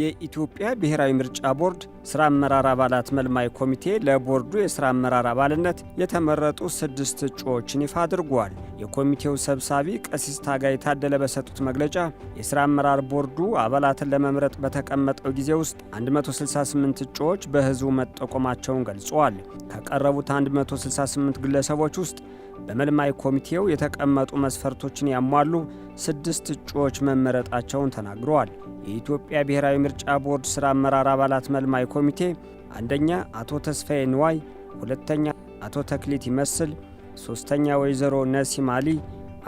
የኢትዮጵያ ብሔራዊ ምርጫ ቦርድ ሥራ አመራር አባላት መልማይ ኮሚቴ ለቦርዱ የሥራ አመራር አባልነት የተመረጡ ስድስት እጩዎችን ይፋ አድርጓል። የኮሚቴው ሰብሳቢ ቀሲስ ታጋይ ታደለ በሰጡት መግለጫ የሥራ አመራር ቦርዱ አባላትን ለመምረጥ በተቀመጠው ጊዜ ውስጥ 168 እጩዎች በሕዝቡ መጠቆማቸውን ገልጸዋል። ከቀረቡት 168 ግለሰቦች ውስጥ በመልማይ ኮሚቴው የተቀመጡ መስፈርቶችን ያሟሉ ስድስት እጩዎች መመረጣቸውን ተናግረዋል። የኢትዮጵያ ብሔራዊ ምርጫ ቦርድ ሥራ አመራር አባላት መልማይ ኮሚቴ አንደኛ አቶ ተስፋዬ ንዋይ፣ ሁለተኛ አቶ ተክሊት ይመስል፣ ሦስተኛ ወይዘሮ ነሲም አሊ፣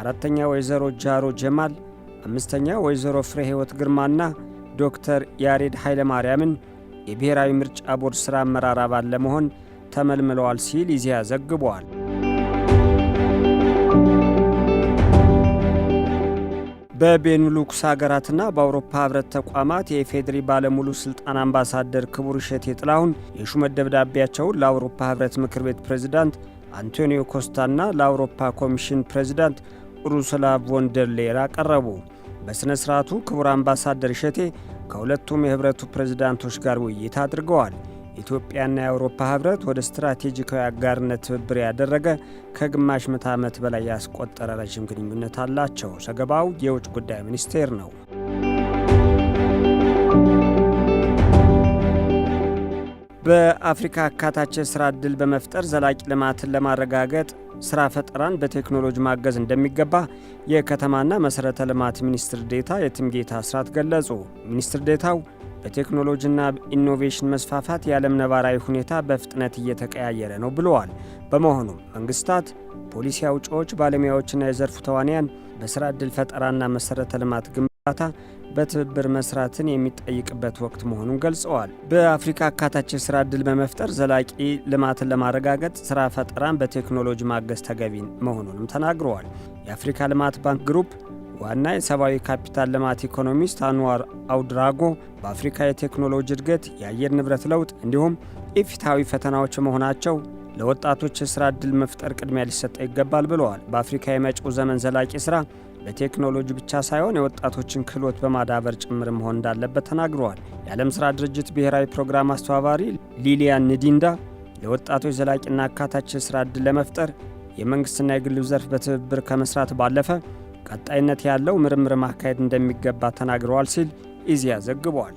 አራተኛ ወይዘሮ ጃሮ ጀማል፣ አምስተኛ ወይዘሮ ፍሬ ሕይወት ግርማና ዶክተር ያሬድ ኃይለማርያምን የብሔራዊ ምርጫ ቦርድ ሥራ አመራር አባል ለመሆን ተመልምለዋል ሲል ኢዜአ ዘግቧል። በቤኒሉክስ ሀገራትና በአውሮፓ ህብረት ተቋማት የኢፌዴሪ ባለሙሉ ስልጣን አምባሳደር ክቡር እሸቴ ጥላሁን የሹመት ደብዳቤያቸውን ለአውሮፓ ህብረት ምክር ቤት ፕሬዝዳንት አንቶኒዮ ኮስታና ለአውሮፓ ኮሚሽን ፕሬዝዳንት ኡርሱላ ቮን ደር አቀረቡ። በሥነ ሥርዓቱ ክቡር አምባሳደር እሸቴ ከሁለቱም የህብረቱ ፕሬዝዳንቶች ጋር ውይይት አድርገዋል። ኢትዮጵያና የአውሮፓ ህብረት ወደ ስትራቴጂካዊ አጋርነት ትብብር ያደረገ ከግማሽ ምዕተ ዓመት በላይ ያስቆጠረ ረዥም ግንኙነት አላቸው። ዘገባው የውጭ ጉዳይ ሚኒስቴር ነው። በአፍሪካ አካታች ስራ ድል በመፍጠር ዘላቂ ልማትን ለማረጋገጥ ስራ ፈጠራን በቴክኖሎጂ ማገዝ እንደሚገባ የከተማና መሠረተ ልማት ሚኒስትር ዴታ የትምጌታ አስራት ገለጹ። ሚኒስትር ዴታው በቴክኖሎጂና ኢኖቬሽን መስፋፋት የዓለም ነባራዊ ሁኔታ በፍጥነት እየተቀያየረ ነው ብለዋል። በመሆኑም መንግስታት፣ ፖሊሲ አውጪዎች፣ ባለሙያዎችና የዘርፉ ተዋንያን በሥራ ዕድል ፈጠራና መሠረተ ልማት ግንባታ በትብብር መስራትን የሚጠይቅበት ወቅት መሆኑን ገልጸዋል። በአፍሪካ አካታች የስራ ዕድል በመፍጠር ዘላቂ ልማትን ለማረጋገጥ ስራ ፈጠራን በቴክኖሎጂ ማገዝ ተገቢ መሆኑንም ተናግረዋል። የአፍሪካ ልማት ባንክ ግሩፕ ዋና የሰብአዊ ካፒታል ልማት ኢኮኖሚስት አንዋር አውድራጎ በአፍሪካ የቴክኖሎጂ እድገት፣ የአየር ንብረት ለውጥ እንዲሁም ኢፍትሐዊ ፈተናዎች መሆናቸው ለወጣቶች የሥራ ዕድል መፍጠር ቅድሚያ ሊሰጠ ይገባል ብለዋል። በአፍሪካ የመጪው ዘመን ዘላቂ ሥራ በቴክኖሎጂ ብቻ ሳይሆን የወጣቶችን ክህሎት በማዳበር ጭምር መሆን እንዳለበት ተናግረዋል። የዓለም ሥራ ድርጅት ብሔራዊ ፕሮግራም አስተባባሪ ሊሊያን ንዲንዳ ለወጣቶች ዘላቂና አካታች የሥራ ዕድል ለመፍጠር የመንግሥትና የግሉ ዘርፍ በትብብር ከመስራት ባለፈ ቀጣይነት ያለው ምርምር ማካሄድ እንደሚገባ ተናግረዋል ሲል ኢዜአ ዘግቧል።